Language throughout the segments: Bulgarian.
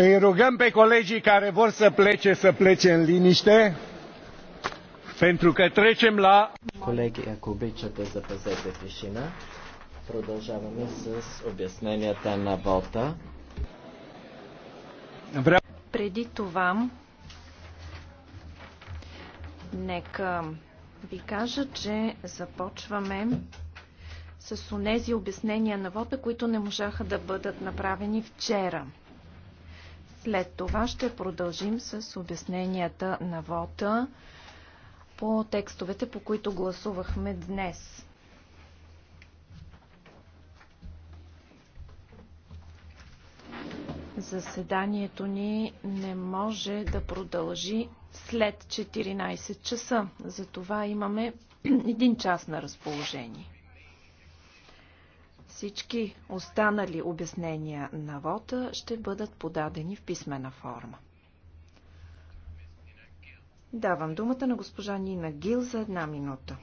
Îi rugăm pe colegii care vor să plece să plece în liniște, pentru că trecem la... colegii Колеги, ако обичате, запазете тишина. Продължаваме с обясненията на Бота. Вря... Преди това, нека ви кажа, че започваме с онези обяснения на вода, които не можаха да бъдат направени вчера. След това ще продължим с обясненията на вота по текстовете, по които гласувахме днес. Заседанието ни не може да продължи след 14 часа. Затова имаме един час на разположение. Всички останали обяснения на вота ще бъдат подадени в писмена форма. Давам думата на госпожа Нина Гил за една минута.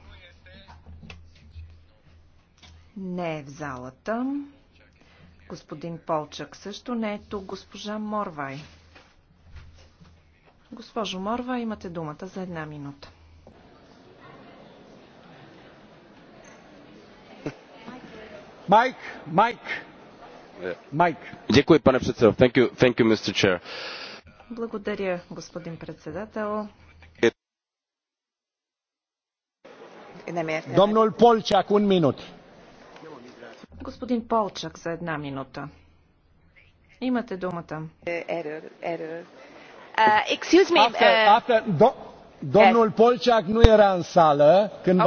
Не е в залата. Господин Полчак също не е тук. Госпожа Морвай. Госпожо Морвай, имате думата за една минута. Mike, Mike. Mike. Děkuji, pane předsedo. Thank you, thank you, Mr. Chair. Благодаря, господин председател. Domnul Polciac, un minut. Господин Полчак за една минута. Имате думата. Error, error. Uh, excuse me. After, after, do, domnul Polciac nu era în sală când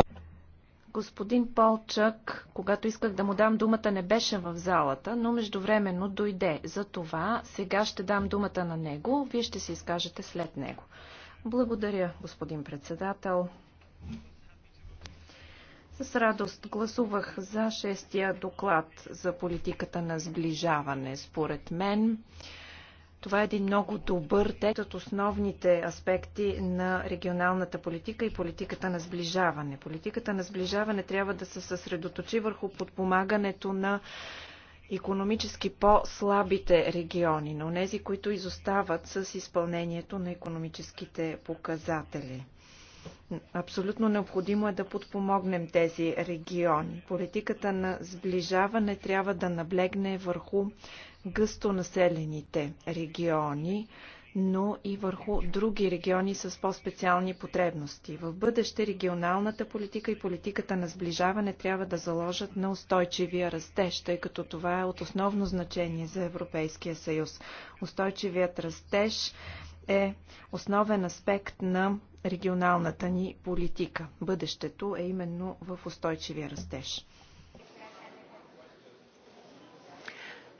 Господин Полчък, когато исках да му дам думата, не беше в залата, но междувременно дойде. За това сега ще дам думата на него, вие ще се изкажете след него. Благодаря, господин председател. С радост гласувах за шестия доклад за политиката на сближаване. Според мен, това е един много добър текст от основните аспекти на регионалната политика и политиката на сближаване. Политиката на сближаване трябва да се съсредоточи върху подпомагането на економически по-слабите региони, но тези, които изостават с изпълнението на економическите показатели. Абсолютно необходимо е да подпомогнем тези региони. Политиката на сближаване трябва да наблегне върху гъсто населените региони, но и върху други региони с по-специални потребности. В бъдеще регионалната политика и политиката на сближаване трябва да заложат на устойчивия растеж, тъй като това е от основно значение за Европейския съюз. Устойчивият растеж е основен аспект на регионалната ни политика. Бъдещето е именно в устойчивия растеж.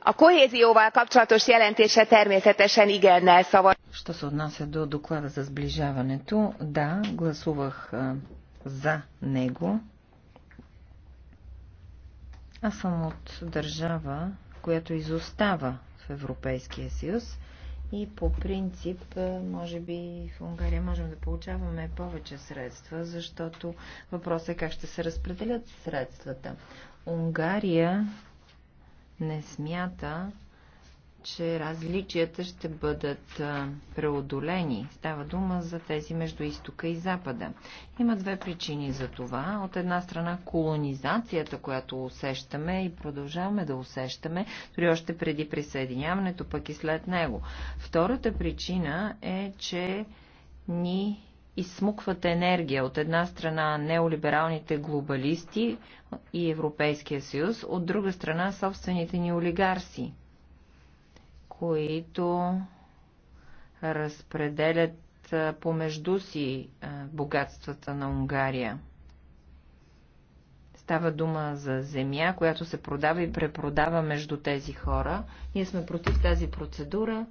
A kohézióval kapcsolatos jelentése természetesen igennel szavaz. Що се отнася до доклада за сближаването, да, гласувах за него. Аз съм от държава, която изостава в Европейския съюз и по принцип, е, може би в Унгария можем да получаваме повече средства, защото въпросът е как ще се разпределят средствата. Унгария не смята, че различията ще бъдат преодолени. Става дума за тези между изтока и запада. Има две причини за това. От една страна колонизацията, която усещаме и продължаваме да усещаме, дори още преди присъединяването, пък и след него. Втората причина е, че ни изсмукват енергия. От една страна неолибералните глобалисти и Европейския съюз, от друга страна собствените ни олигарси – които разпределят помежду си богатствата на Унгария. Става дума за земя, която се продава и препродава между тези хора. Ние сме против тази процедура.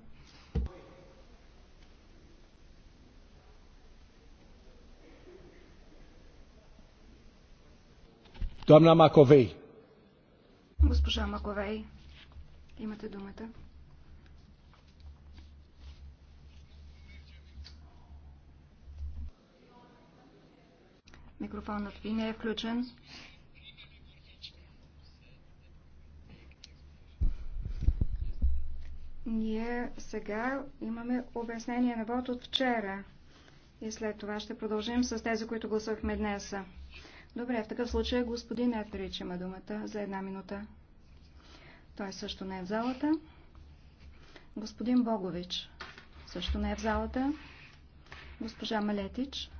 Госпожа Маковей, имате думата. Микрофонът ви не е включен. Ние сега имаме обяснение на вод от вчера и след това ще продължим с тези, които гласувахме днес. Добре, в такъв случай господин Етрич има думата за една минута. Той също не е в залата. Господин Богович също не е в залата. Госпожа Малетич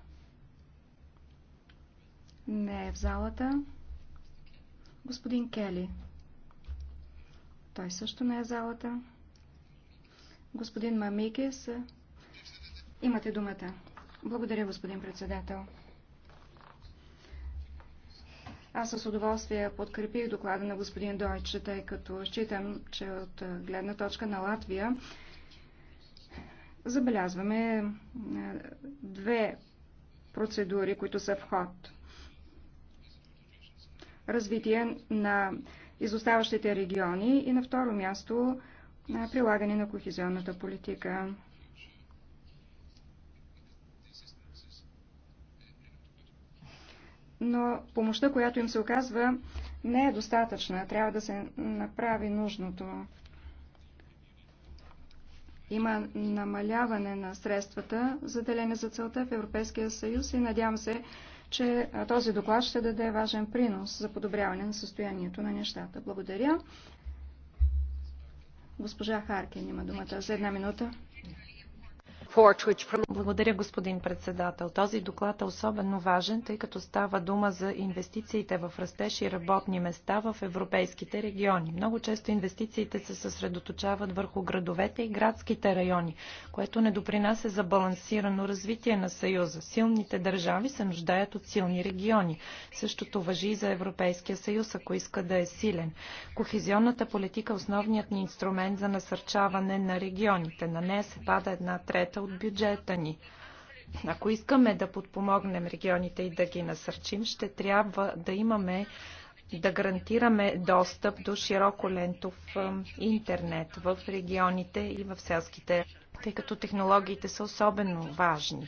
не е в залата. Господин Кели. Той също не е в залата. Господин Мамикес. Имате думата. Благодаря, господин председател. Аз с удоволствие подкрепих доклада на господин Дойче, тъй като считам, че от гледна точка на Латвия забелязваме две процедури, които са в ход развитие на изоставащите региони и на второ място на прилагане на кохезионната политика. Но помощта, която им се оказва, не е достатъчна. Трябва да се направи нужното. Има намаляване на средствата, заделени за целта в Европейския съюз и надявам се, че този доклад ще даде важен принос за подобряване на състоянието на нещата. Благодаря. Госпожа Харкен има думата за една минута. Благодаря, господин председател. Този доклад е особено важен, тъй като става дума за инвестициите в растеж и работни места в европейските региони. Много често инвестициите се съсредоточават върху градовете и градските райони, което не допринася за балансирано развитие на Съюза. Силните държави се нуждаят от силни региони. Същото въжи и за Европейския съюз, ако иска да е силен. Кохезионната политика е основният ни инструмент за насърчаване на регионите. На нея се пада една трета средствата от бюджета ни. Ако искаме да подпомогнем регионите и да ги насърчим, ще трябва да имаме да гарантираме достъп до широко лентов интернет в регионите и в селските, тъй като технологиите са особено важни.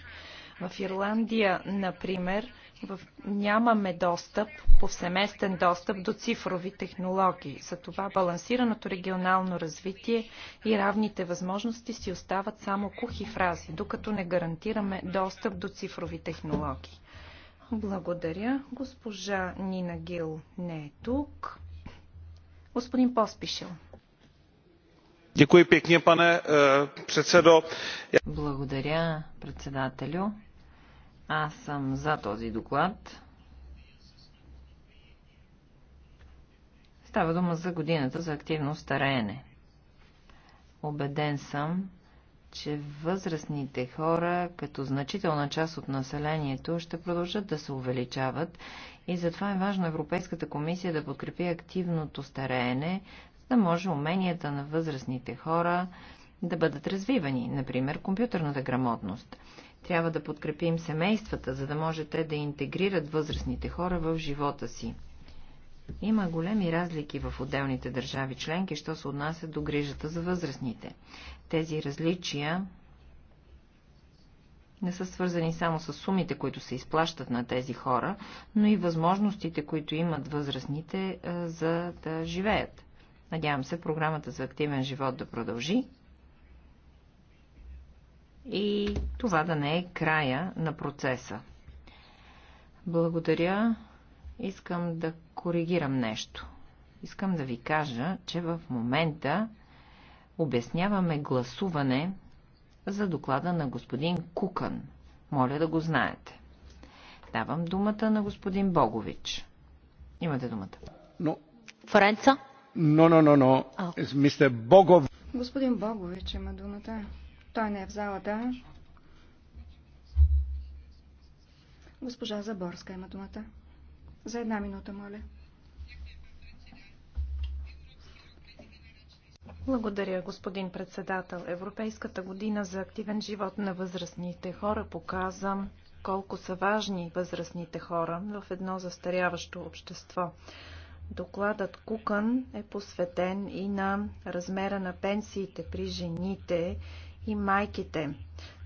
В Ирландия, например, в... нямаме достъп, повсеместен достъп до цифрови технологии. Затова балансираното регионално развитие и равните възможности си остават само кухи фрази, докато не гарантираме достъп до цифрови технологии. Благодаря. Госпожа Нина Гил не е тук. Господин Поспишил. Děkuji pěkně, pane е, předsedo. Благодаря, председателю. Аз съм за този доклад. Става дума за годината за активно стареене. Обеден съм, че възрастните хора, като значителна част от населението, ще продължат да се увеличават и затова е важно Европейската комисия да подкрепи активното стареене, за да може уменията на възрастните хора да бъдат развивани, например компютърната грамотност. Трябва да подкрепим семействата, за да може те да интегрират възрастните хора в живота си. Има големи разлики в отделните държави членки, що се отнася до грижата за възрастните. Тези различия не са свързани само с сумите, които се изплащат на тези хора, но и възможностите, които имат възрастните за да живеят. Надявам се програмата за активен живот да продължи и това да не е края на процеса. Благодаря. Искам да коригирам нещо. Искам да ви кажа, че в момента обясняваме гласуване за доклада на господин Кукън. Моля да го знаете. Давам думата на господин Богович. Имате думата. Но... Френца? Но, но, но, но. Мистер Богов. Господин Богович има думата. Той не е в залата. Госпожа Заборска има думата. За една минута, моля. Благодаря, господин председател. Европейската година за активен живот на възрастните хора показа колко са важни възрастните хора в едно застаряващо общество. Докладът Кукън е посветен и на размера на пенсиите при жените и майките.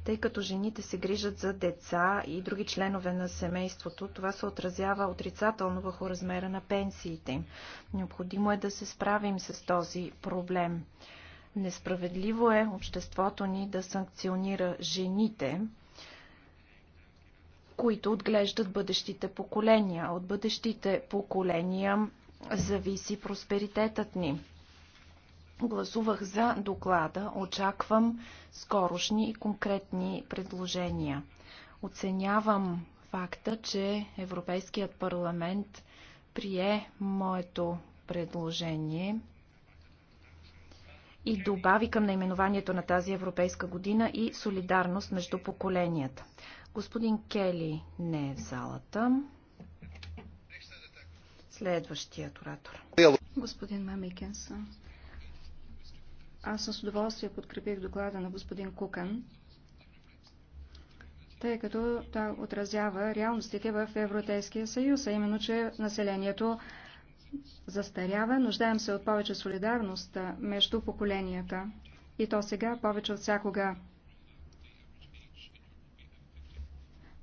Тъй като жените се грижат за деца и други членове на семейството, това се отразява отрицателно върху размера на пенсиите им. Необходимо е да се справим с този проблем. Несправедливо е обществото ни да санкционира жените, които отглеждат бъдещите поколения. От бъдещите поколения зависи просперитетът ни. Гласувах за доклада. Очаквам скорошни и конкретни предложения. Оценявам факта, че Европейският парламент прие моето предложение и добави към наименованието на тази европейска година и солидарност между поколенията. Господин Кели не е в залата. Следващият оратор. Господин Мамикенсън. Аз с удоволствие подкрепих доклада на господин Кукан, тъй като той отразява реалностите в Европейския съюз, а именно, че населението застарява, нуждаем се от повече солидарност между поколенията. И то сега повече от всякога.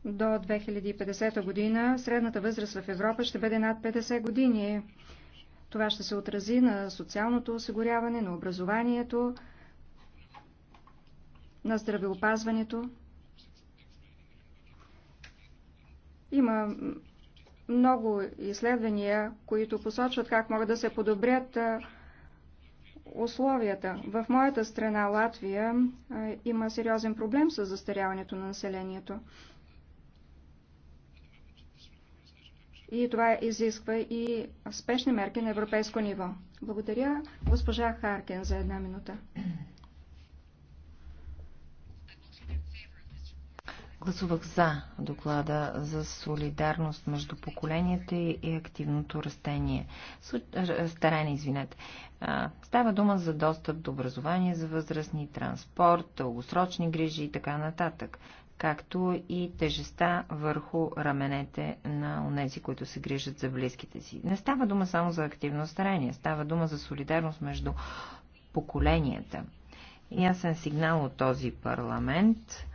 До 2050 година средната възраст в Европа ще бъде над 50 години. Това ще се отрази на социалното осигуряване, на образованието, на здравеопазването. Има много изследвания, които посочват как могат да се подобрят условията. В моята страна, Латвия, има сериозен проблем с застаряването на населението. и това изисква и спешни мерки на европейско ниво. Благодаря госпожа Харкен за една минута. Гласувах за доклада за солидарност между поколенията и активното растение. Старане, извинете. Става дума за достъп до образование за възрастни, транспорт, дългосрочни грижи и така нататък както и тежеста върху раменете на онези, които се грижат за близките си. Не става дума само за активно старение, става дума за солидарност между поколенията. Ясен сигнал от този парламент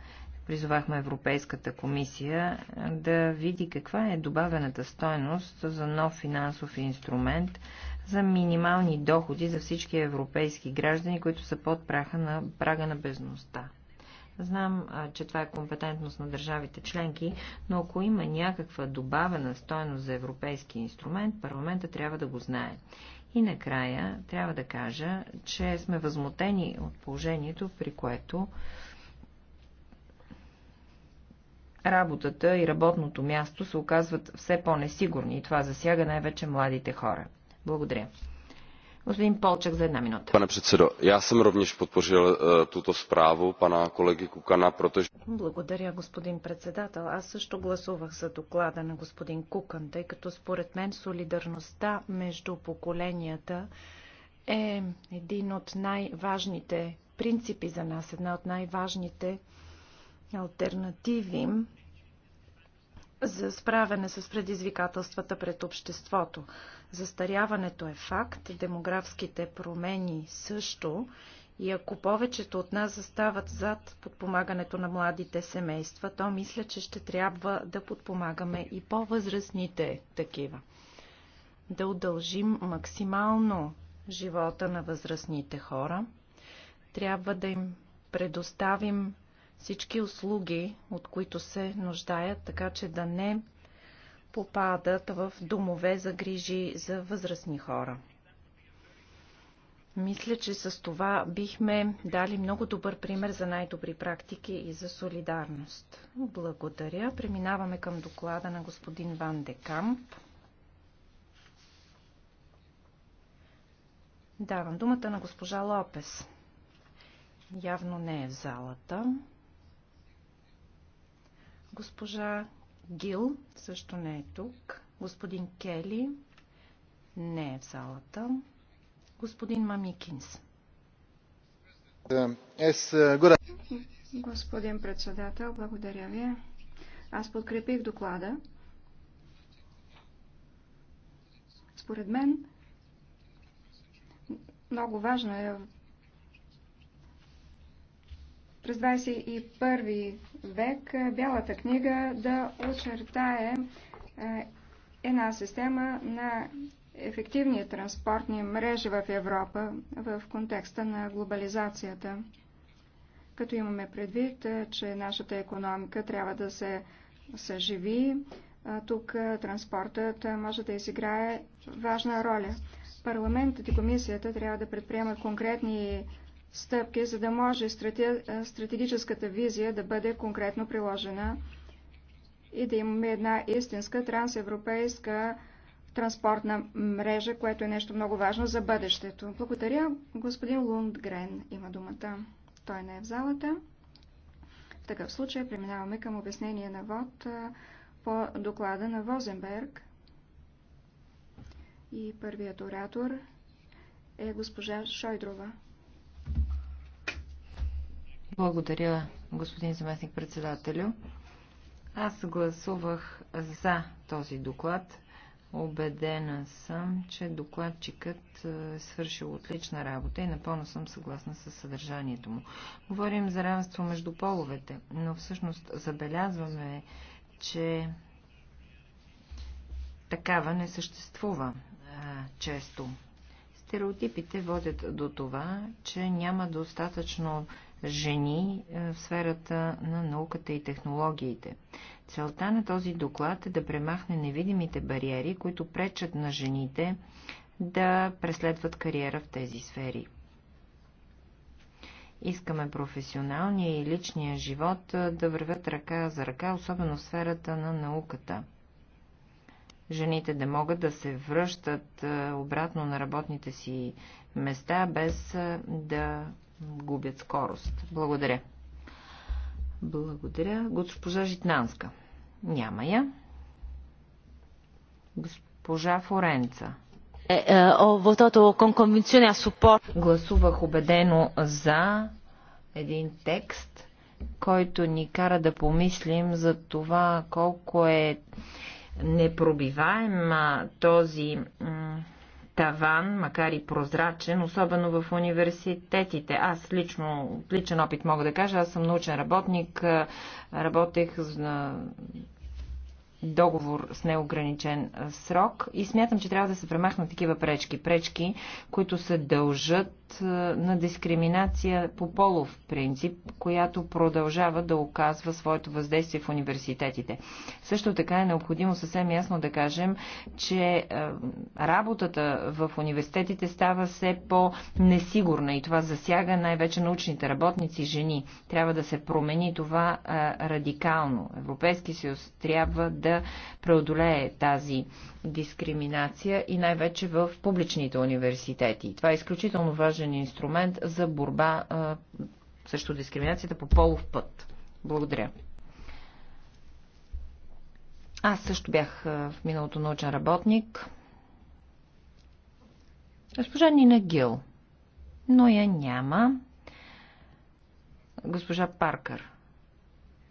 призовахме Европейската комисия да види каква е добавената стойност за нов финансов инструмент за минимални доходи за всички европейски граждани, които са под праха на, прага на безността. Знам, че това е компетентност на държавите членки, но ако има някаква добавена стойност за европейски инструмент, парламента трябва да го знае. И накрая трябва да кажа, че сме възмутени от положението, при което работата и работното място се оказват все по-несигурни и това засяга най-вече младите хора. Благодаря. Господин Полчак за една минута. Пане председо, аз съм ровнеж подпожил туто справо пана колеги Кукана, протеж... Благодаря, господин председател. Аз също гласувах за доклада на господин Кукан, тъй като според мен солидарността между поколенията е един от най-важните принципи за нас, една от най-важните альтернативи за справяне с предизвикателствата пред обществото. Застаряването е факт, демографските промени също и ако повечето от нас застават зад подпомагането на младите семейства, то мисля, че ще трябва да подпомагаме и по-възрастните такива. Да удължим максимално живота на възрастните хора. Трябва да им предоставим всички услуги, от които се нуждаят, така че да не попадат в домове за грижи за възрастни хора. Мисля, че с това бихме дали много добър пример за най-добри практики и за солидарност. Благодаря. Преминаваме към доклада на господин Ван Декамп. Давам думата на госпожа Лопес. Явно не е в залата. Госпожа Гил също не е тук. Господин Кели не е в залата. Господин Мамикинс. Господин председател, благодаря ви. Аз подкрепих доклада. Според мен много важно е през 21 век Бялата книга да очертае една система на ефективни транспортни мрежи в Европа в контекста на глобализацията. Като имаме предвид, че нашата економика трябва да се съживи, тук транспортът може да изиграе важна роля. Парламентът и комисията трябва да предприемат конкретни стъпки, за да може стратегическата визия да бъде конкретно приложена и да имаме една истинска трансевропейска транспортна мрежа, което е нещо много важно за бъдещето. Благодаря. Господин Лундгрен има думата. Той не е в залата. В такъв случай преминаваме към обяснение на ВОД по доклада на Возенберг. И първият оратор е госпожа Шойдрова. Благодаря, господин заместник председателю. Аз гласувах за този доклад. Обедена съм, че докладчикът е свършил отлична работа и напълно съм съгласна с съдържанието му. Говорим за равенство между половете, но всъщност забелязваме, че такава не съществува а, е, често. Стереотипите водят до това, че няма достатъчно жени е, в сферата на науката и технологиите. Целта на този доклад е да премахне невидимите бариери, които пречат на жените да преследват кариера в тези сфери. Искаме професионалния и личния живот е, да вървят ръка за ръка, особено в сферата на науката. Жените да могат да се връщат е, обратно на работните си места, без да губят скорост. Благодаря. Благодаря. Госпожа Житнанска. Няма я. Госпожа Форенца. Е, е, Гласувах убедено за един текст, който ни кара да помислим за това колко е непробиваем този таван, макар и прозрачен, особено в университетите. Аз лично, личен опит мога да кажа, аз съм научен работник, работех на договор с неограничен срок и смятам, че трябва да се премахнат такива пречки. Пречки, които се дължат на дискриминация по полов принцип, която продължава да оказва своето въздействие в университетите. Също така е необходимо съвсем ясно да кажем, че работата в университетите става все по-несигурна и това засяга най-вече научните работници жени. Трябва да се промени това радикално. Европейски съюз трябва да преодолее тази дискриминация и най-вече в публичните университети. Това е изключително важен инструмент за борба а, срещу дискриминацията по полов път. Благодаря. Аз също бях в миналото научен работник. Госпожа Нина Гил, но я няма. Госпожа Паркър,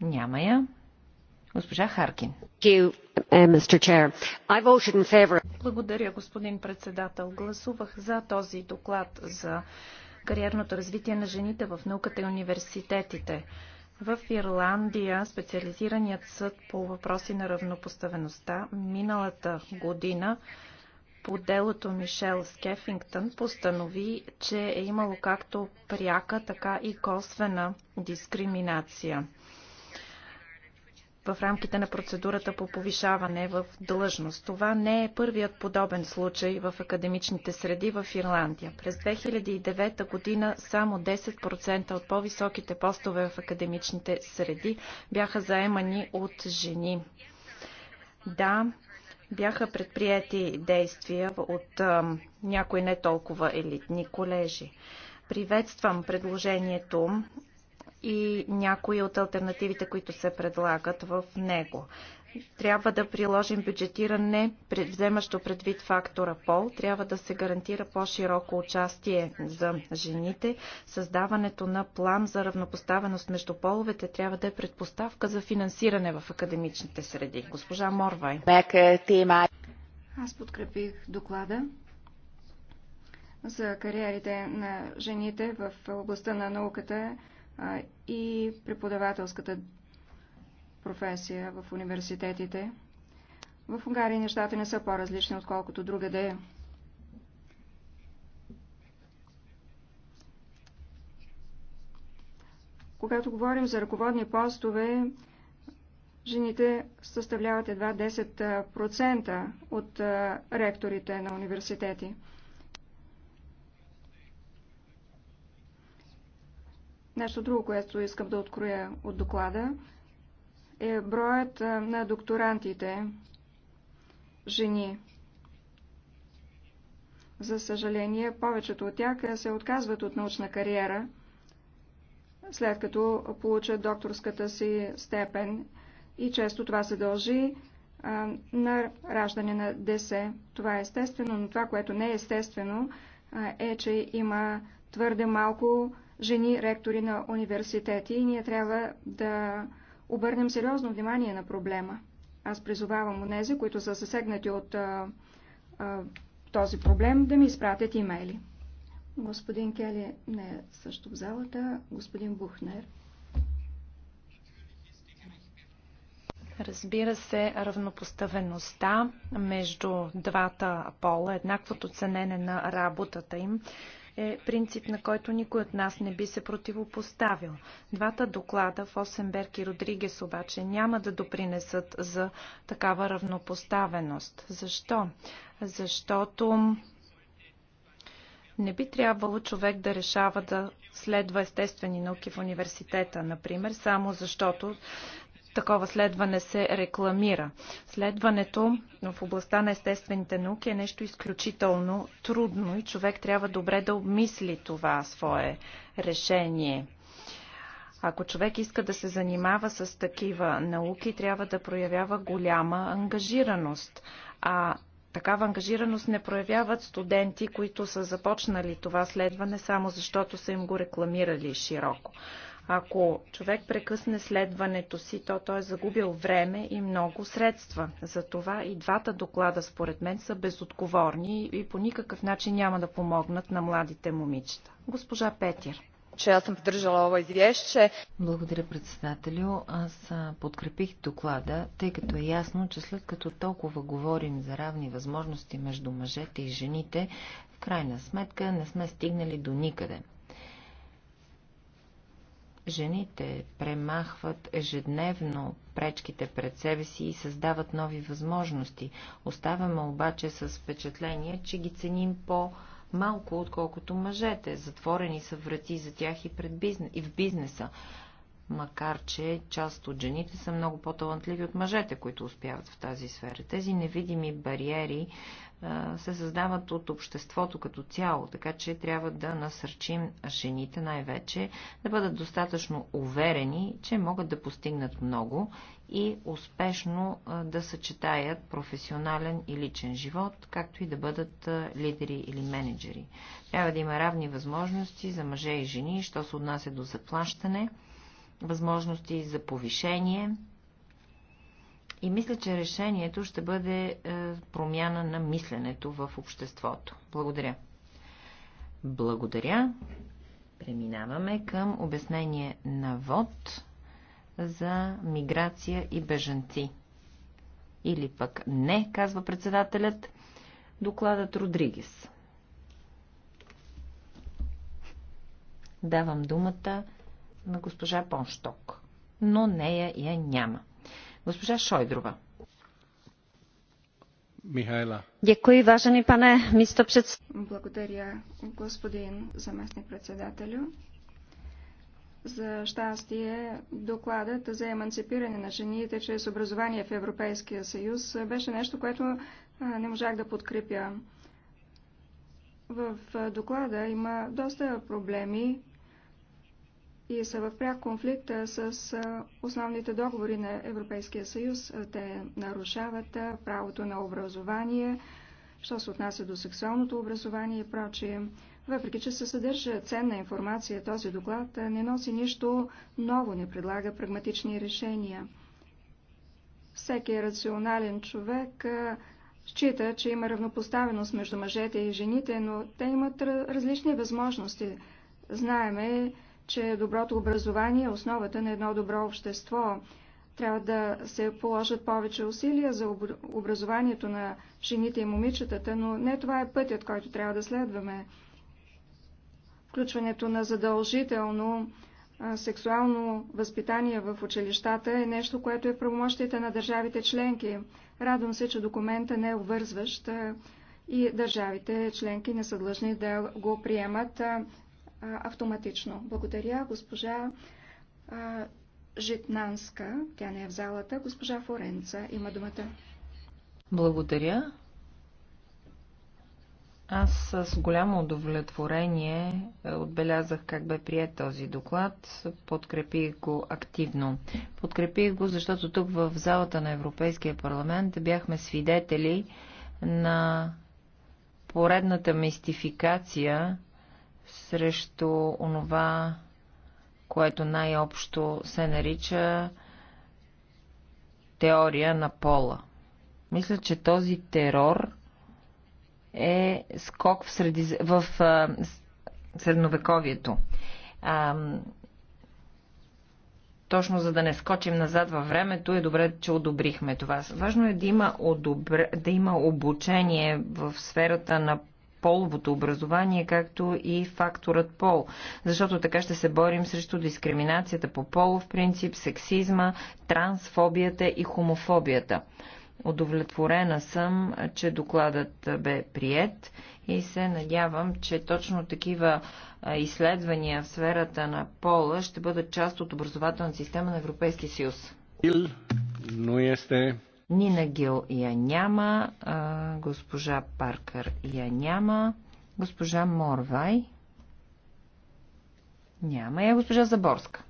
няма я. Харкин. Uh, Благодаря, господин председател. Гласувах за този доклад за кариерното развитие на жените в науката и университетите. В Ирландия специализираният съд по въпроси на равнопоставеността миналата година по делото Мишел Скефингтън постанови, че е имало както пряка, така и косвена дискриминация в рамките на процедурата по повишаване в длъжност. Това не е първият подобен случай в академичните среди в Ирландия. През 2009 година само 10% от по-високите постове в академичните среди бяха заемани от жени. Да, бяха предприяти действия от а, някои не толкова елитни колежи. Приветствам предложението и някои от альтернативите, които се предлагат в него. Трябва да приложим бюджетиране, вземащо предвид фактора пол. Трябва да се гарантира по-широко участие за жените. Създаването на план за равнопоставеност между половете трябва да е предпоставка за финансиране в академичните среди. Госпожа Морвай. Аз подкрепих доклада за кариерите на жените в областта на науката и преподавателската професия в университетите. В Унгария нещата не са по-различни, отколкото другаде. Когато говорим за ръководни постове, жените съставляват едва 10% от ректорите на университети. Нещо друго, което искам да откроя от доклада, е броят на докторантите жени. За съжаление, повечето от тях се отказват от научна кариера, след като получат докторската си степен и често това се дължи а, на раждане на десе. Това е естествено, но това, което не е естествено, а, е, че има твърде малко жени ректори на университети и ние трябва да обърнем сериозно внимание на проблема. Аз призовавам онези, които са засегнати от а, а, този проблем, да ми изпратят имейли. Господин Кели не е също в залата. Господин Бухнер. Разбира се, равнопоставеността между двата пола, еднаквото ценене на работата им, е принцип, на който никой от нас не би се противопоставил. Двата доклада, Фосенберг и Родригес обаче, няма да допринесат за такава равнопоставеност. Защо? Защото не би трябвало човек да решава да следва естествени науки в университета, например, само защото такова следване се рекламира. Следването в областта на естествените науки е нещо изключително трудно и човек трябва добре да обмисли това свое решение. Ако човек иска да се занимава с такива науки, трябва да проявява голяма ангажираност. А такава ангажираност не проявяват студенти, които са започнали това следване само защото са им го рекламирали широко. Ако човек прекъсне следването си, то той е загубил време и много средства. Затова и двата доклада, според мен, са безотговорни и по никакъв начин няма да помогнат на младите момичета. Госпожа Петир че аз съм поддържала ова извещче. Благодаря, председателю. Аз подкрепих доклада, тъй като е ясно, че след като толкова говорим за равни възможности между мъжете и жените, в крайна сметка не сме стигнали до никъде. Жените премахват ежедневно пречките пред себе си и създават нови възможности. Оставаме обаче с впечатление, че ги ценим по- малко, отколкото мъжете. Затворени са врати за тях и, пред бизнес, и в бизнеса. Макар, че част от жените са много по-талантливи от мъжете, които успяват в тази сфера. Тези невидими бариери се създават от обществото като цяло, така че трябва да насърчим жените най-вече да бъдат достатъчно уверени, че могат да постигнат много и успешно да съчетаят професионален и личен живот, както и да бъдат лидери или менеджери. Трябва да има равни възможности за мъже и жени, що се отнася до заплащане, възможности за повишение, и мисля, че решението ще бъде е, промяна на мисленето в обществото. Благодаря. Благодаря. Преминаваме към обяснение на ВОД за миграция и бежанци. Или пък не, казва председателят, докладът Родригес. Давам думата на госпожа Поншток, но нея я няма. Госпожа Шойдрова. Михайла. Děkuji, vážený pane místo před... Благодаря, господин заместник председателю. За щастие, докладът за емансипиране на жените чрез образование в Европейския съюз беше нещо, което не можах да подкрепя. В доклада има доста проблеми, и са в пряк конфликт с основните договори на Европейския съюз. Те нарушават правото на образование, що се отнася до сексуалното образование и прочие. Въпреки, че се съдържа ценна информация, този доклад не носи нищо ново, не предлага прагматични решения. Всеки рационален човек счита, че има равнопоставеност между мъжете и жените, но те имат различни възможности. Знаеме, че доброто образование е основата на едно добро общество. Трябва да се положат повече усилия за образованието на жените и момичетата, но не това е пътят, който трябва да следваме. Включването на задължително сексуално възпитание в училищата е нещо, което е в правомощите на държавите членки. Радвам се, че документа не е обвързващ и държавите членки не са длъжни да го приемат автоматично. Благодаря госпожа Житнанска, тя не е в залата, госпожа Форенца има думата. Благодаря. Аз с голямо удовлетворение е, отбелязах как бе прият този доклад. Подкрепих го активно. Подкрепих го, защото тук в залата на Европейския парламент бяхме свидетели на поредната мистификация срещу онова, което най-общо се нарича теория на пола. Мисля, че този терор е скок в, среди... в а, средновековието. А, точно за да не скочим назад във времето, е добре, че одобрихме това. Важно е да има, одобр... да има обучение в сферата на половото образование, както и факторът пол. Защото така ще се борим срещу дискриминацията по полов принцип, сексизма, трансфобията и хомофобията. Удовлетворена съм, че докладът бе прият и се надявам, че точно такива изследвания в сферата на пола ще бъдат част от образователната система на Европейския съюз. Нина Гил я няма, госпожа Паркър я няма, госпожа Морвай няма, я е, госпожа Заборска.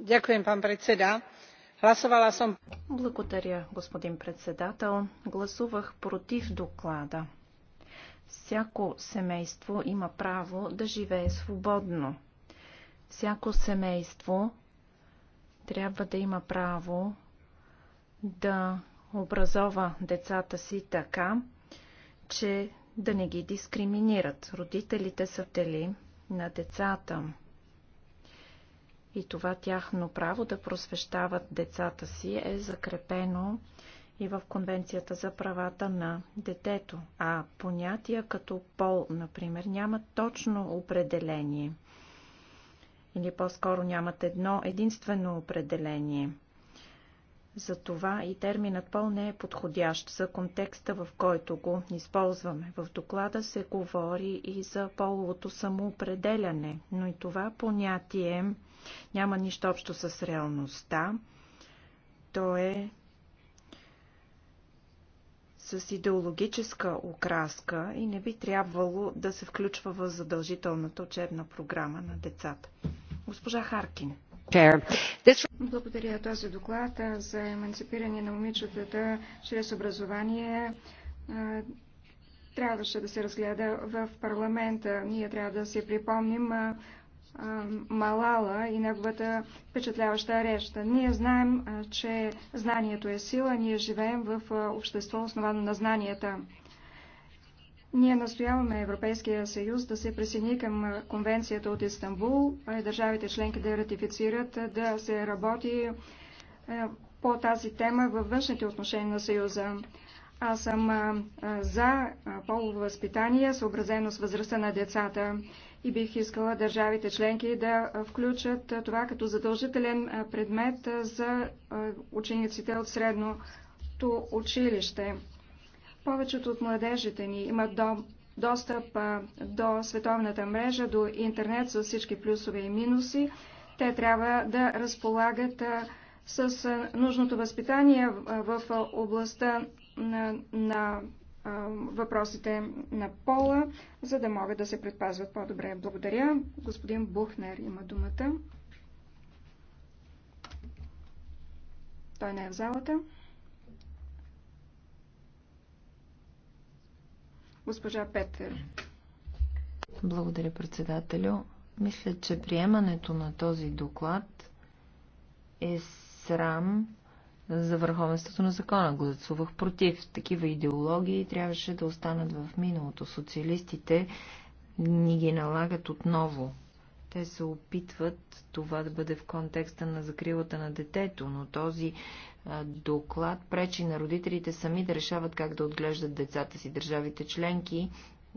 Дякуем, пан председа. Гласувала съм... Благодаря, господин председател. Гласувах против доклада. Всяко семейство има право да живее свободно. Всяко семейство трябва да има право да образова децата си така, че да не ги дискриминират. Родителите са тели на децата. И това тяхно право да просвещават децата си е закрепено и в Конвенцията за правата на детето. А понятия като пол, например, няма точно определение – или по-скоро нямат едно единствено определение. Затова и терминът пол не е подходящ за контекста, в който го използваме. В доклада се говори и за половото самоопределяне, но и това понятие няма нищо общо с реалността. То е с идеологическа окраска и не би трябвало да се включва в задължителната учебна програма на децата. Госпожа Харкин. Благодаря този доклад за еманципиране на момичетата чрез образование трябваше да се разгледа в парламента. Ние трябва да си припомним Малала и неговата впечатляваща реща. Ние знаем, че знанието е сила, ние живеем в общество, основано на знанията. Ние настояваме Европейския съюз да се присъедини към конвенцията от Истанбул, държавите членки да я ратифицират, да се работи е, по тази тема във външните отношения на Съюза. Аз съм е, за е, полово възпитание, съобразено с възрастта на децата и бих искала държавите членки да включат това като задължителен предмет за учениците от средното училище. Повечето от младежите ни имат до, достъп а, до световната мрежа, до интернет с всички плюсове и минуси. Те трябва да разполагат а, с а, нужното възпитание а, в а, областта на, на а, въпросите на пола, за да могат да се предпазват по-добре. Благодаря. Господин Бухнер има думата. Той не е в залата. Госпожа Петър. Благодаря, председателю. Мисля, че приемането на този доклад е срам за върховенството на закона. Гласувах против. Такива идеологии трябваше да останат в миналото. Социалистите ни ги налагат отново. Те се опитват това да бъде в контекста на закрилата на детето, но този доклад пречи на родителите сами да решават как да отглеждат децата си. Държавите членки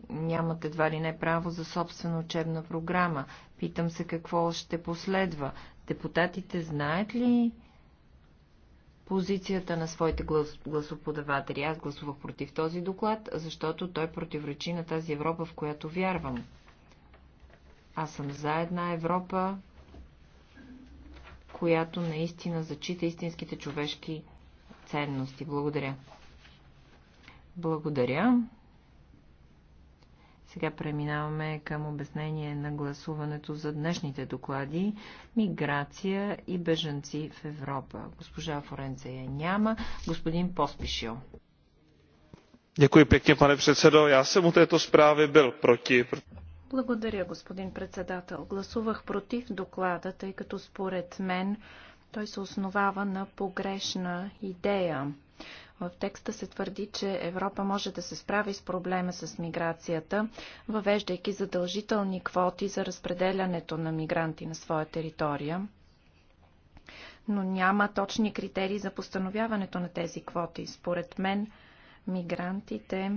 нямат едва ли не право за собствена учебна програма. Питам се какво ще последва. Депутатите знаят ли позицията на своите глас, гласоподаватели? Аз гласувах против този доклад, защото той противоречи на тази Европа, в която вярвам. Аз съм за една Европа, която наистина зачита истинските човешки ценности. Благодаря. Благодаря. Сега преминаваме към обяснение на гласуването за днешните доклади Миграция и бежанци в Европа. Госпожа Форенца я няма. Господин Поспишил. Děkuji pěkně, pane předsedo. Já jsem u této zprávy byl proti. Благодаря, господин председател. Гласувах против доклада, тъй като според мен той се основава на погрешна идея. В текста се твърди, че Европа може да се справи с проблема с миграцията, въвеждайки задължителни квоти за разпределянето на мигранти на своя територия. Но няма точни критерии за постановяването на тези квоти. Според мен, мигрантите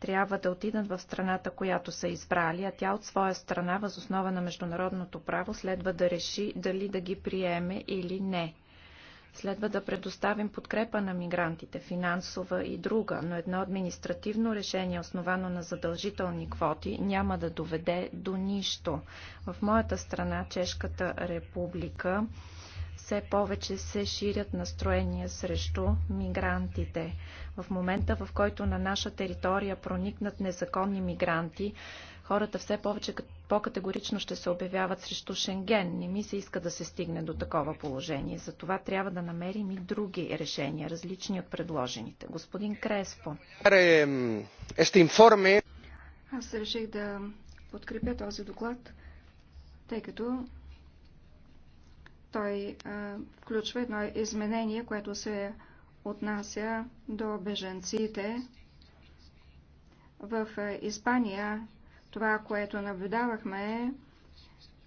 трябва да отидат в страната, която са избрали, а тя от своя страна, възоснова на международното право, следва да реши дали да ги приеме или не. Следва да предоставим подкрепа на мигрантите, финансова и друга, но едно административно решение, основано на задължителни квоти, няма да доведе до нищо. В моята страна, Чешката република, все повече се ширят настроения срещу мигрантите. В момента, в който на наша територия проникнат незаконни мигранти, хората все повече по-категорично ще се обявяват срещу Шенген. Не ми се иска да се стигне до такова положение. Затова трябва да намерим и други решения, различни от предложените. Господин Креспо. Аз реших да подкрепя този доклад, тъй като той а, включва едно изменение, което се отнася до беженците. В Испания това, което наблюдавахме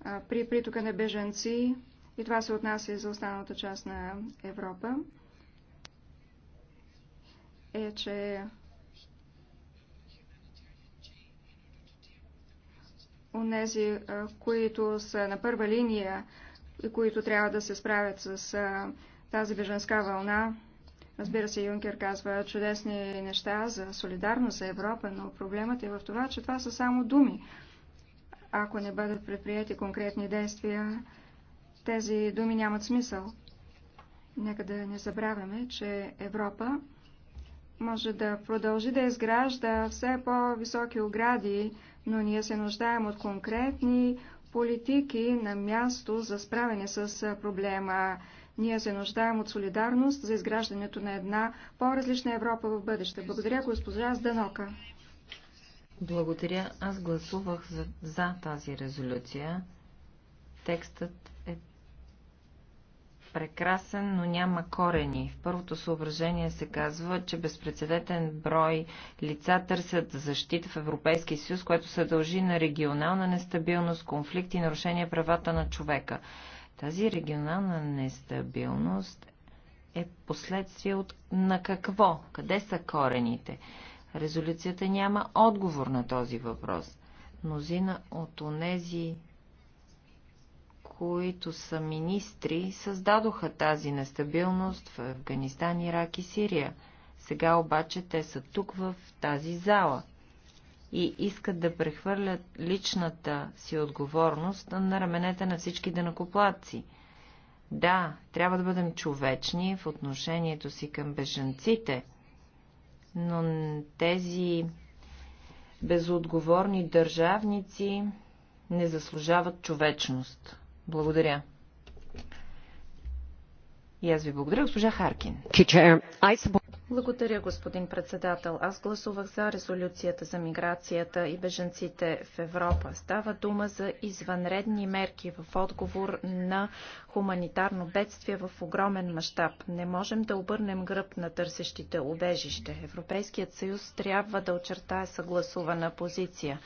а, при притока на беженци, и това се отнася и за останалата част на Европа, е, че нези, които са на първа линия и които трябва да се справят с тази беженска вълна. Разбира се, Юнкер казва чудесни неща за солидарност за Европа, но проблемът е в това, че това са само думи. Ако не бъдат предприяти конкретни действия, тези думи нямат смисъл. Нека да не забравяме, че Европа може да продължи да изгражда все по-високи огради, но ние се нуждаем от конкретни, политики на място за справяне с проблема. Ние се нуждаем от солидарност за изграждането на една по-различна Европа в бъдеще. Благодаря госпожа Зданока. Благодаря. Аз гласувах за, за тази резолюция. Текстът прекрасен, но няма корени. В първото съображение се казва, че безпредседентен брой лица търсят защита в Европейския съюз, което се дължи на регионална нестабилност, конфликт и нарушение правата на човека. Тази регионална нестабилност е последствие от на какво? Къде са корените? Резолюцията няма отговор на този въпрос. Мнозина от онези които са министри, създадоха тази нестабилност в Афганистан, Ирак и Сирия. Сега обаче те са тук в тази зала и искат да прехвърлят личната си отговорност на раменете на всички денакоплатци. Да, трябва да бъдем човечни в отношението си към бежанците, но тези безотговорни държавници не заслужават човечност. Благодаря. И аз ви благодаря, госпожа Харкин. Благодаря, господин председател. Аз гласувах за резолюцията за миграцията и беженците в Европа. Става дума за извънредни мерки в отговор на хуманитарно бедствие в огромен мащаб. Не можем да обърнем гръб на търсещите убежище. Европейският съюз трябва да очертае съгласувана позиция.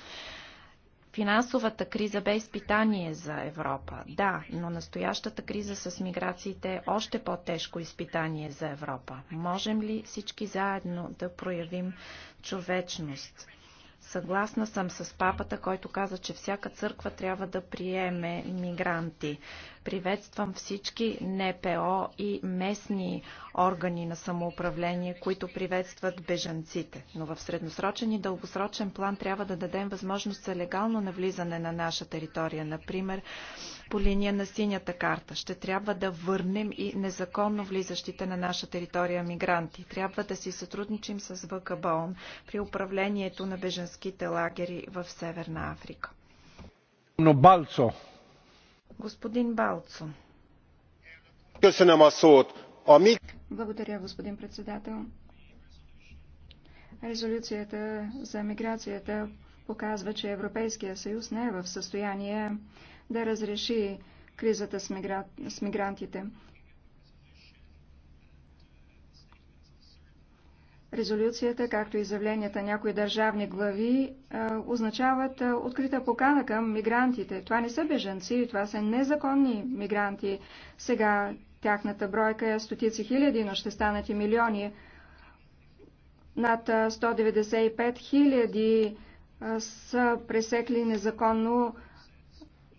Финансовата криза бе изпитание за Европа. Да, но настоящата криза с миграциите е още по-тежко изпитание за Европа. Можем ли всички заедно да проявим човечност? Съгласна съм с папата, който каза, че всяка църква трябва да приеме мигранти. Приветствам всички НПО и местни органи на самоуправление, които приветстват бежанците. Но в средносрочен и дългосрочен план трябва да дадем възможност за легално навлизане на наша територия, например по линия на синята карта. Ще трябва да върнем и незаконно влизащите на наша територия мигранти. Трябва да си сътрудничим с ВКБОН при управлението на бежанските лагери в Северна Африка. Но Балцо. Господин Балцо. Ами- Благодаря, господин председател. Резолюцията за миграцията показва, че Европейския съюз не е в състояние да разреши кризата с, с мигрантите. Резолюцията, както и заявленията някои държавни глави, е, означават е, открита покана към мигрантите. Това не са беженци, това са незаконни мигранти. Сега тяхната бройка е стотици хиляди, но ще станат и милиони. Над 195 е, хиляди са пресекли незаконно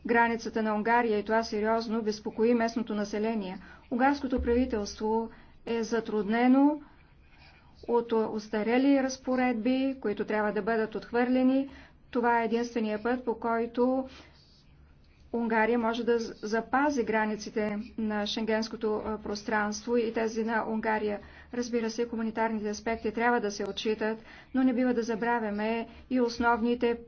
границата на Унгария и това сериозно безпокои местното население. Унгарското правителство е затруднено от устарели разпоредби, които трябва да бъдат отхвърлени. Това е единствения път, по който Унгария може да запази границите на шенгенското пространство и тези на Унгария. Разбира се, хуманитарните аспекти трябва да се отчитат, но не бива да забравяме и основните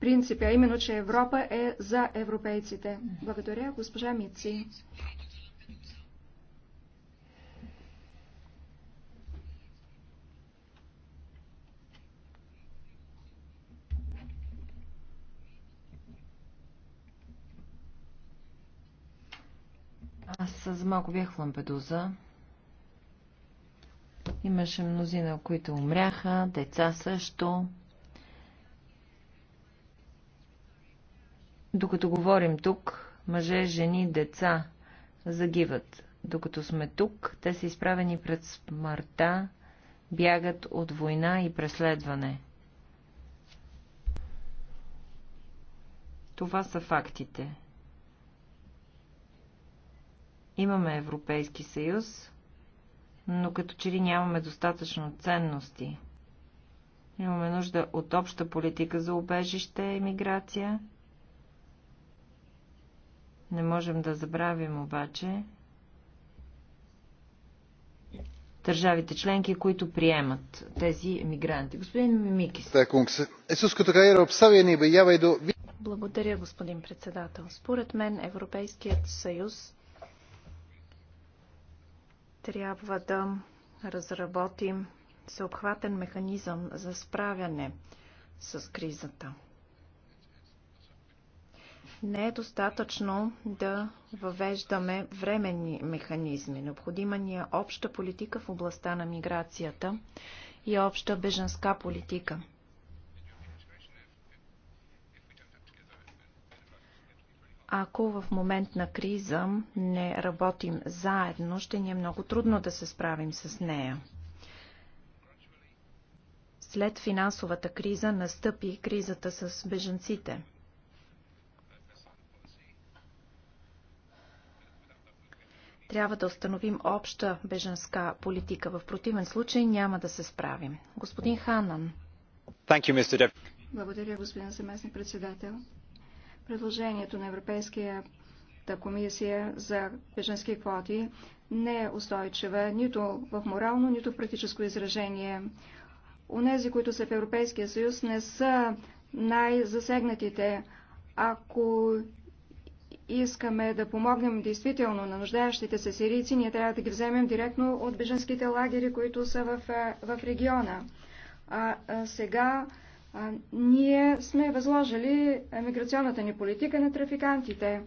принципи, а именно, че Европа е за европейците. Благодаря, госпожа Мици. Аз за малко бях в Лампедуза. Имаше мнозина, които умряха, деца също. Докато говорим тук, мъже, жени, деца загиват. Докато сме тук, те са изправени пред смъртта, бягат от война и преследване. Това са фактите. Имаме Европейски съюз, но като че ли нямаме достатъчно ценности. Имаме нужда от обща политика за убежище и миграция. Не можем да забравим обаче държавите членки, които приемат тези мигранти. Господин Микис. Благодаря, господин председател. Според мен Европейският съюз трябва да разработим съобхватен механизъм за справяне с кризата. Не е достатъчно да въвеждаме временни механизми. Необходима ни е обща политика в областта на миграцията и обща беженска политика. Ако в момент на криза не работим заедно, ще ни е много трудно да се справим с нея. След финансовата криза настъпи кризата с бежанците. трябва да установим обща беженска политика. В противен случай няма да се справим. Господин Ханан. Благодаря, господин заместник председател. Предложението на Европейската комисия за беженски квоти не е устойчива нито в морално, нито в практическо изражение. Унези, които са в Европейския съюз, не са най-засегнатите. Ако искаме да помогнем действително на нуждаещите се сирийци, ние трябва да ги вземем директно от беженските лагери, които са в, в региона. А, а сега ние сме възложили миграционната ни политика на трафикантите.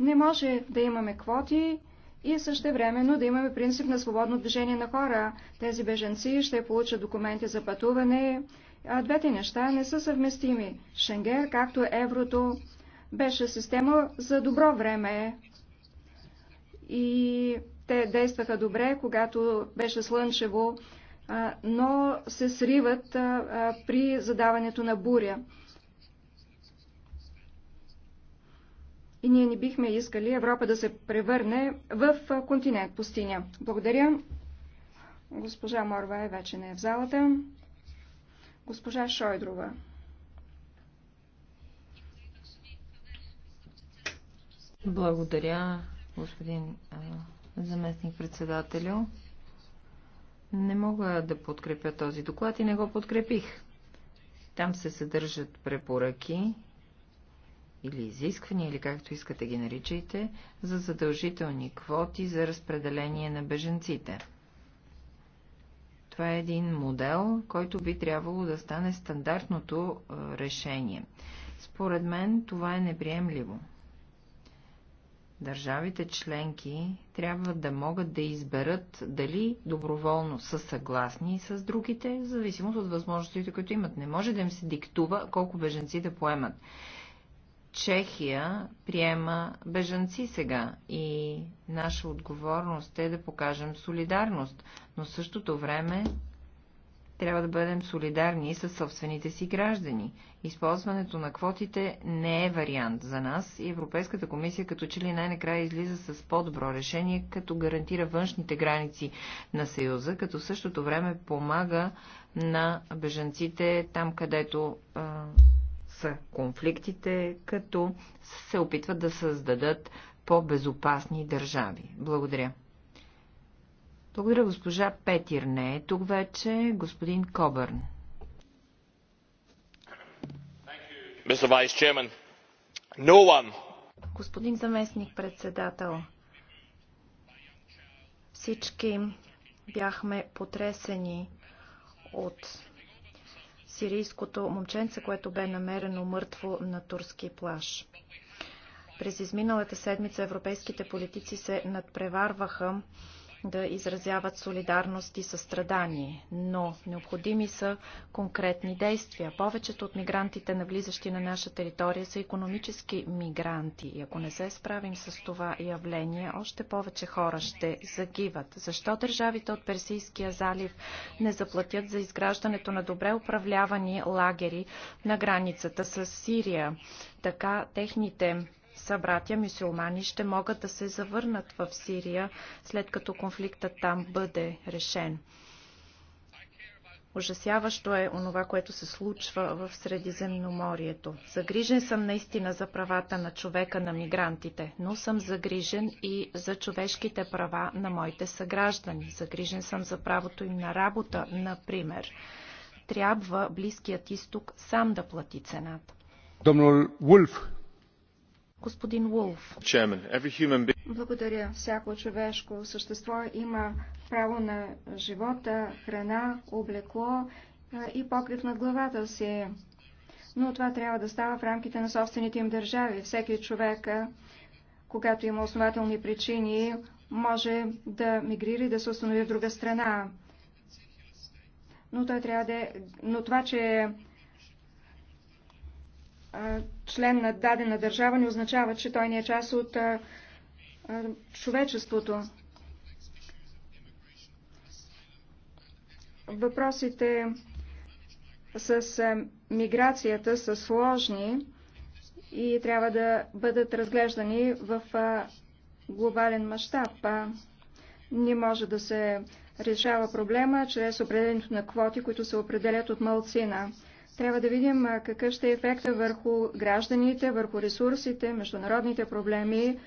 Не може да имаме квоти и също времено да имаме принцип на свободно движение на хора. Тези беженци ще получат документи за пътуване. двете неща не са съвместими. Шенгер, както еврото, беше система за добро време. И те действаха добре, когато беше слънчево но се сриват при задаването на буря. И ние не бихме искали Европа да се превърне в континент пустиня. Благодаря. Госпожа Морва е вече не е в залата. Госпожа Шойдрова. Благодаря, господин заместник председателю. Не мога да подкрепя този доклад и не го подкрепих. Там се съдържат препоръки или изисквания, или както искате ги наричайте, за задължителни квоти за разпределение на беженците. Това е един модел, който би трябвало да стане стандартното решение. Според мен това е неприемливо. Държавите членки трябва да могат да изберат дали доброволно са съгласни с другите, в зависимост от възможностите, които имат. Не може да им се диктува колко беженци да поемат. Чехия приема бежанци сега и наша отговорност е да покажем солидарност, но в същото време трябва да бъдем солидарни с собствените си граждани. Използването на квотите не е вариант за нас и Европейската комисия като че ли най-накрая излиза с по-добро решение, като гарантира външните граници на Съюза, като в същото време помага на бежанците там, където а, са конфликтите, като се опитват да създадат по-безопасни държави. Благодаря. Благодаря, госпожа Петир. Не е тук вече. Господин Кобърн. Господин заместник председател, всички бяхме потресени от сирийското момченце, което бе намерено мъртво на турски плаж. През изминалата седмица европейските политици се надпреварваха да изразяват солидарност и състрадание, но необходими са конкретни действия. Повечето от мигрантите, навлизащи на наша територия, са економически мигранти и ако не се справим с това явление, още повече хора ще загиват. Защо държавите от Персийския залив не заплатят за изграждането на добре управлявани лагери на границата с Сирия? Така техните събратя мусулмани, ще могат да се завърнат в Сирия, след като конфликтът там бъде решен. Ужасяващо е онова, което се случва в Средиземноморието. Загрижен съм наистина за правата на човека на мигрантите, но съм загрижен и за човешките права на моите съграждани. Загрижен съм за правото им на работа, например. Трябва Близкият изток сам да плати цената. Домнул Вулф Господин Уолф. Благодаря. Всяко човешко същество има право на живота, храна, облекло и покрив на главата си. Но това трябва да става в рамките на собствените им държави. Всеки човек, когато има основателни причини, може да мигрира и да се установи в друга страна. Но, той трябва да... Е- но това, че член на дадена държава не означава, че той не е част от човечеството. Въпросите с миграцията са сложни и трябва да бъдат разглеждани в глобален мащаб. Не може да се решава проблема чрез определението на квоти, които се определят от малцина. Трябва да видим какъв ще е ефекта върху гражданите, върху ресурсите, международните проблеми,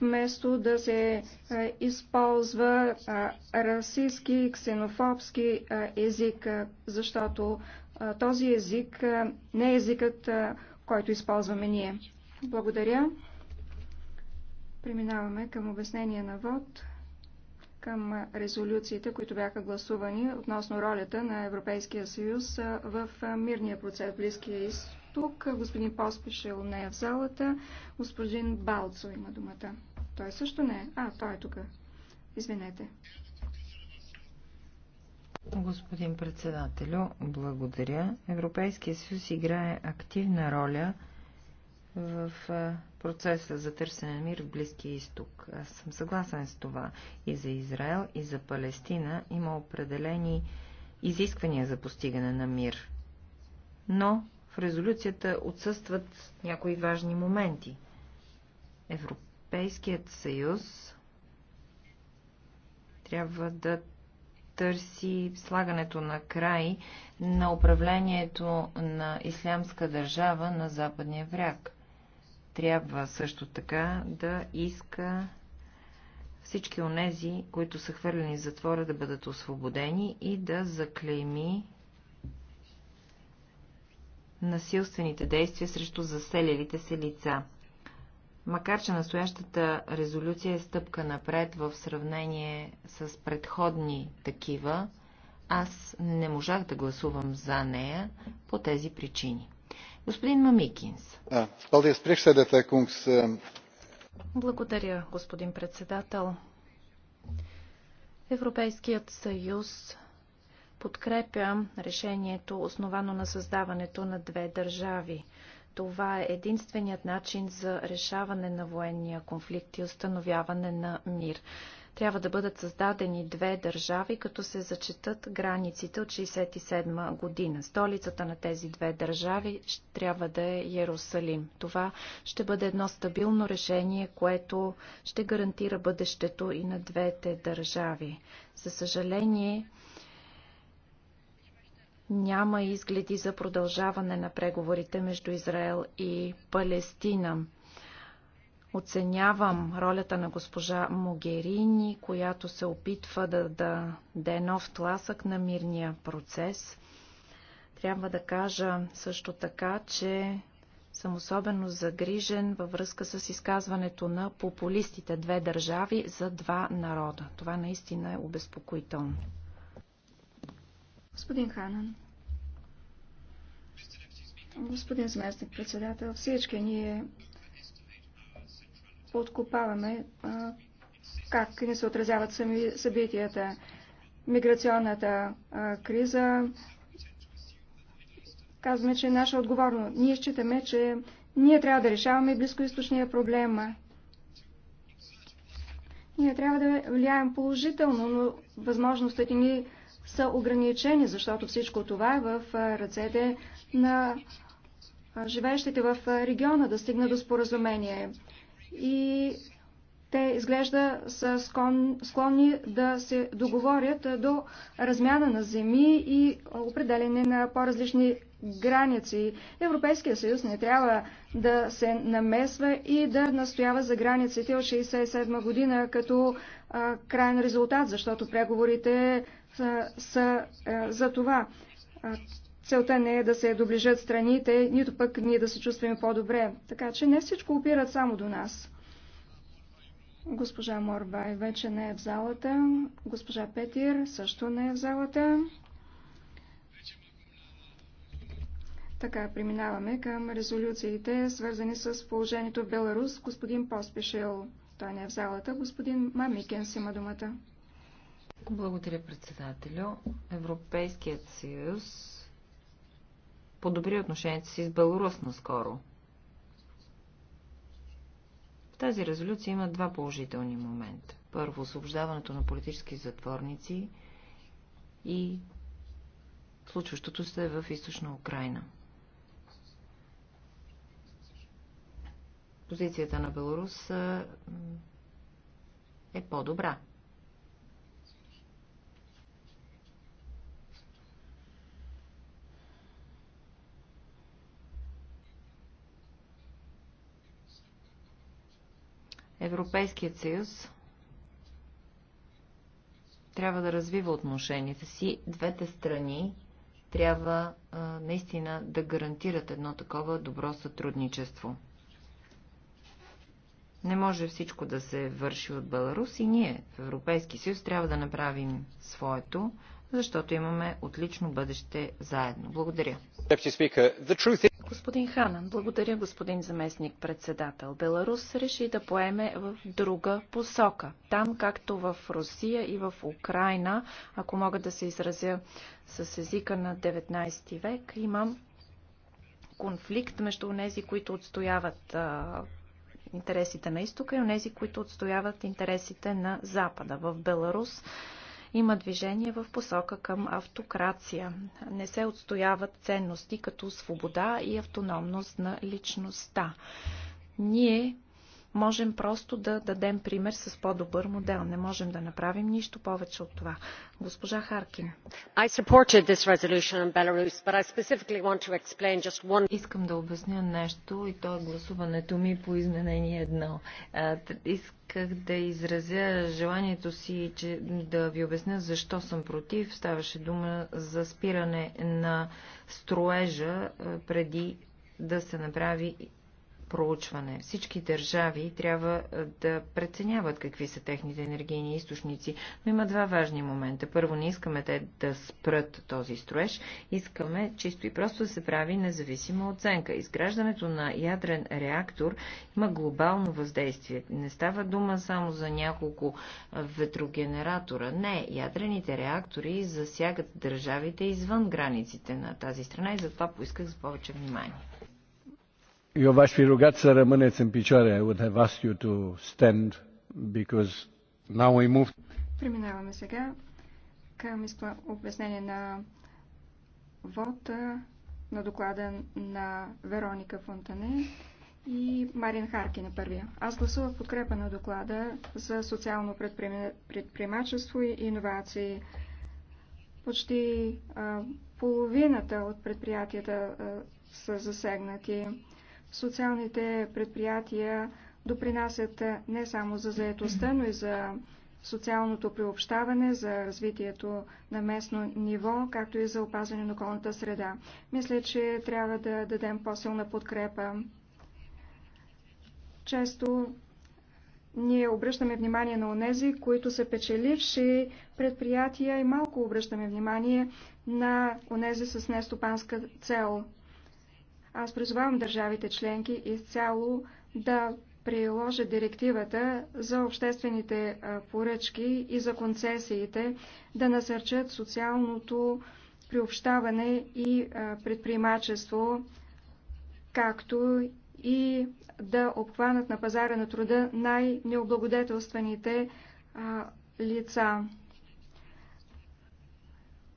вместо да се използва расистски, ксенофобски език, защото този език не е езикът, който използваме ние. Благодаря. Преминаваме към обяснение на ВОД към резолюциите, които бяха гласувани относно ролята на Европейския съюз в мирния процес в Близкия изток. Господин е не е в залата. Господин Балцо има думата. Той също не е. А, той е тук. Извинете. Господин председателю, благодаря. Европейския съюз играе активна роля в процеса за търсене на мир в Близкия изток. Аз съм съгласен с това. И за Израел, и за Палестина има определени изисквания за постигане на мир. Но в резолюцията отсъстват някои важни моменти. Европейският съюз трябва да търси слагането на край на управлението на Ислямска държава на Западния бряг трябва също така да иска всички онези, които са хвърлени в затвора, да бъдат освободени и да заклейми насилствените действия срещу заселилите се лица. Макар, че настоящата резолюция е стъпка напред в сравнение с предходни такива, аз не можах да гласувам за нея по тези причини. Господин Мамикинс. Благодаря, господин председател. Европейският съюз подкрепя решението, основано на създаването на две държави. Това е единственият начин за решаване на военния конфликт и установяване на мир. Трябва да бъдат създадени две държави, като се зачитат границите от 1967 година. Столицата на тези две държави трябва да е Иерусалим. Това ще бъде едно стабилно решение, което ще гарантира бъдещето и на двете държави. За съжаление, няма изгледи за продължаване на преговорите между Израел и Палестина. Оценявам ролята на госпожа Могерини, която се опитва да, да даде нов тласък на мирния процес. Трябва да кажа също така, че съм особено загрижен във връзка с изказването на популистите две държави за два народа. Това наистина е обезпокоително. Господин Ханан. Господин заместник председател, всички ние подкопаваме как ни се отразяват сами събитията. Миграционната криза. Казваме, че е наша отговорност. Ние считаме, че ние трябва да решаваме близкоисточния проблем. Ние трябва да влияем положително, но възможностите ни са ограничени, защото всичко това е в ръцете на живеещите в региона да стигна до споразумение и те изглежда са склонни да се договорят до размяна на земи и определене на по-различни граници. Европейския съюз не трябва да се намесва и да настоява за границите от 1967 година като а, крайен резултат, защото преговорите а, са а, е, за това. А, Целта не е да се доближат страните, нито пък ние да се чувстваме по-добре. Така че не всичко опират само до нас. Госпожа Морбай вече не е в залата. Госпожа Петир също не е в залата. Така преминаваме към резолюциите, свързани с положението в Беларус. Господин Поспешил, той не е в залата. Господин си има думата. Благодаря, председателю. Европейският съюз подобри отношенията си с Беларус наскоро. В тази резолюция има два положителни момента. Първо, освобождаването на политически затворници и случващото се в източна Украина. Позицията на Беларус е по-добра. Европейският съюз трябва да развива отношенията си. Двете страни трябва а, наистина да гарантират едно такова добро сътрудничество. Не може всичко да се върши от Беларус и ние в Европейски съюз трябва да направим своето, защото имаме отлично бъдеще заедно. Благодаря. Господин Ханан, благодаря господин заместник председател. Беларус реши да поеме в друга посока. Там, както в Русия и в Украина, ако мога да се изразя с езика на 19 век, имам конфликт между тези, които отстояват а, интересите на изтока и тези, които отстояват интересите на запада. В Беларус има движение в посока към автокрация. Не се отстояват ценности като свобода и автономност на личността. Ние Можем просто да дадем пример с по-добър модел. Не можем да направим нищо повече от това. Госпожа Харкин. Искам да обясня нещо и то е гласуването ми по изменение едно. Исках да изразя желанието си, че да ви обясня защо съм против. Ставаше дума за спиране на строежа преди да се направи проучване. Всички държави трябва е, да преценяват какви са техните енергийни източници, но има два важни момента. Първо, не искаме те да спрат този строеж, искаме чисто и просто да се прави независима оценка. Изграждането на ядрен реактор има глобално въздействие. Не става дума само за няколко е, ветрогенератора. Не, ядрените реактори засягат държавите извън границите на тази страна и затова поисках за повече внимание. Eu v-aș fi rugat să rămâneți în picioare. I would have asked you to stand because now we move. Преминаваме сега към обяснение на вота на доклада на Вероника Фонтане и Марин Харки на първия. Аз гласувах подкрепа на доклада за социално предприемачество и иновации. Почти а, половината от предприятията а, са засегнати. Социалните предприятия допринасят не само за заетостта, но и за социалното приобщаване, за развитието на местно ниво, както и за опазване на околната среда. Мисля, че трябва да дадем по-силна подкрепа. Често ние обръщаме внимание на онези, които са печеливши предприятия и малко обръщаме внимание на онези с нестопанска цел. Аз призовавам държавите членки изцяло да приложат директивата за обществените поръчки и за концесиите, да насърчат социалното приобщаване и предприемачество, както и да обхванат на пазара на труда най-необлагодетелстваните лица.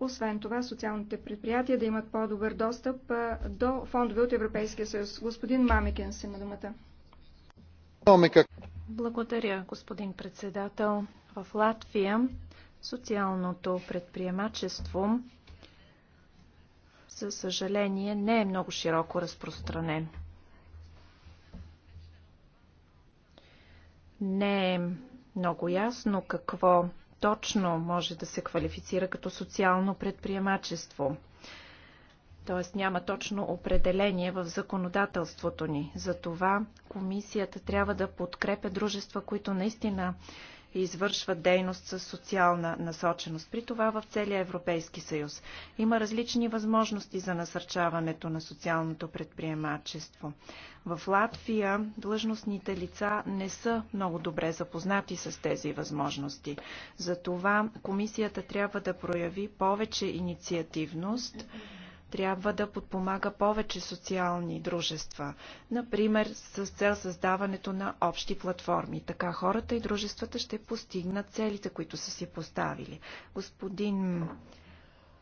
Освен това, социалните предприятия да имат по-добър достъп до фондове от Европейския съюз. Господин си на думата. Благодаря, господин председател. В Латвия социалното предприемачество за съжаление не е много широко разпространен. Не е много ясно какво точно може да се квалифицира като социално предприемачество. Тоест няма точно определение в законодателството ни. Затова комисията трябва да подкрепя дружества, които наистина и извършват дейност с социална насоченост. При това в целия Европейски съюз има различни възможности за насърчаването на социалното предприемачество. В Латвия длъжностните лица не са много добре запознати с тези възможности. Затова комисията трябва да прояви повече инициативност, трябва да подпомага повече социални дружества, например с цел създаването на общи платформи. Така хората и дружествата ще постигнат целите, които са си поставили. Господин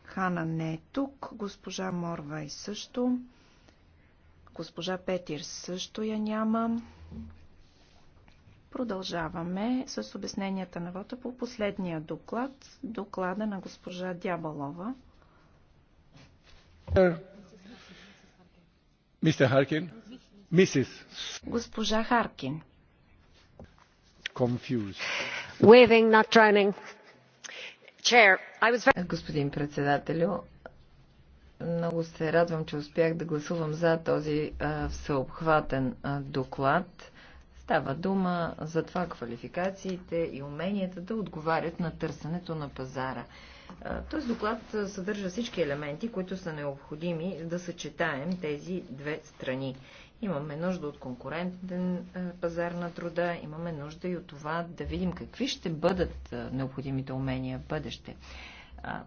Хана не е тук, госпожа Морва и също, госпожа Петир също я няма. Продължаваме с обясненията на ВОТА по последния доклад, доклада на госпожа Дябалова. Харкин. Госпожа Харкин. Господин председателю, много се радвам, че успях да гласувам за този всеобхватен доклад. Става дума за това квалификациите и уменията да отговарят на търсенето на пазара. Този доклад съдържа всички елементи, които са необходими да съчетаем тези две страни. Имаме нужда от конкурентен пазар на труда, имаме нужда и от това да видим какви ще бъдат необходимите умения в бъдеще.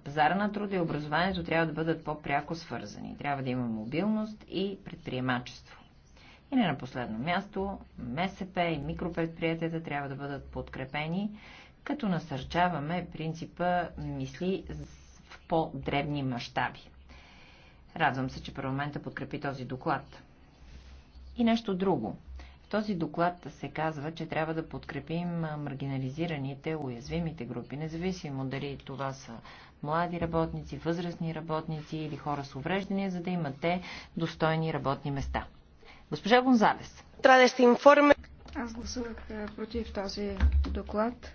Пазара на труда и образованието трябва да бъдат по-пряко свързани. Трябва да има мобилност и предприемачество. И не на последно място, МСП и микропредприятията трябва да бъдат подкрепени като насърчаваме принципа мисли в по-дребни мащаби. Радвам се, че парламента подкрепи този доклад. И нещо друго. В този доклад се казва, че трябва да подкрепим маргинализираните, уязвимите групи, независимо дали това са млади работници, възрастни работници или хора с увреждания, за да имат те достойни работни места. Госпожа Гонзалес. Аз гласувах против този доклад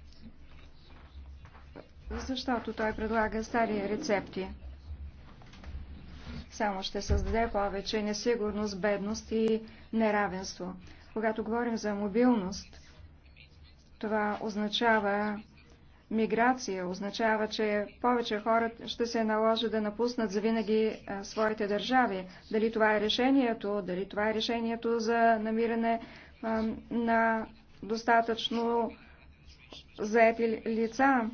защото той предлага стари рецепти. Само ще създаде повече несигурност, бедност и неравенство. Когато говорим за мобилност, това означава миграция, означава, че повече хора ще се наложи да напуснат завинаги своите държави. Дали това е решението, дали това е решението за намиране на достатъчно заети лица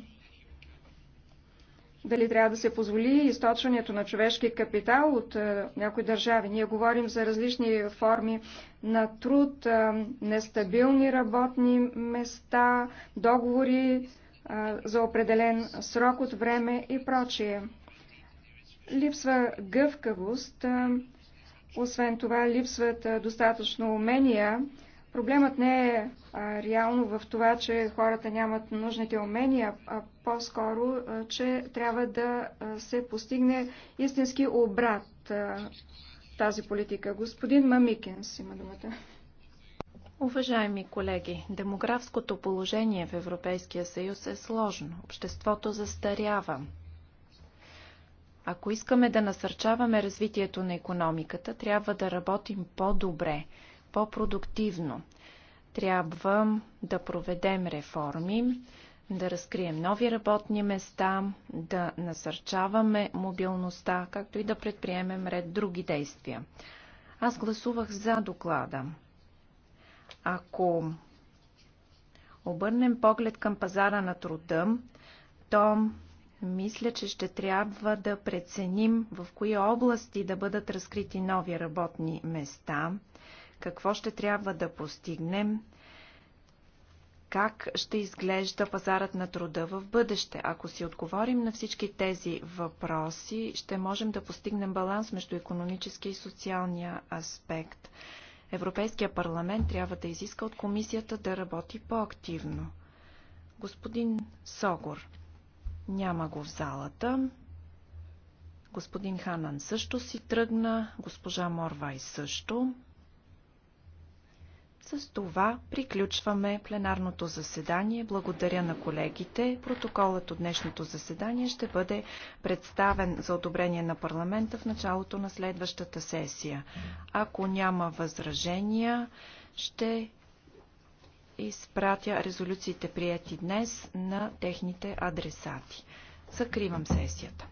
дали трябва да се позволи източването на човешки капитал от е, някои държави. Ние говорим за различни форми на труд, е, нестабилни работни места, договори е, за определен срок от време и прочие. Липсва гъвкавост, освен това липсват достатъчно умения Проблемът не е а, реално в това, че хората нямат нужните умения, а по-скоро, че трябва да се постигне истински обрат а, тази политика. Господин Мамикенс има думата. Уважаеми колеги, демографското положение в Европейския съюз е сложно. Обществото застарява. Ако искаме да насърчаваме развитието на економиката, трябва да работим по-добре по-продуктивно. Трябва да проведем реформи, да разкрием нови работни места, да насърчаваме мобилността, както и да предприемем ред други действия. Аз гласувах за доклада. Ако обърнем поглед към пазара на труда, то мисля, че ще трябва да преценим в кои области да бъдат разкрити нови работни места, какво ще трябва да постигнем, как ще изглежда пазарът на труда в бъдеще. Ако си отговорим на всички тези въпроси, ще можем да постигнем баланс между економическия и социалния аспект. Европейския парламент трябва да изиска от комисията да работи по-активно. Господин Согор. Няма го в залата. Господин Ханан също си тръгна, госпожа Морвай също. С това приключваме пленарното заседание. Благодаря на колегите. Протоколът от днешното заседание ще бъде представен за одобрение на парламента в началото на следващата сесия. Ако няма възражения, ще изпратя резолюциите прияти днес на техните адресати. Закривам сесията.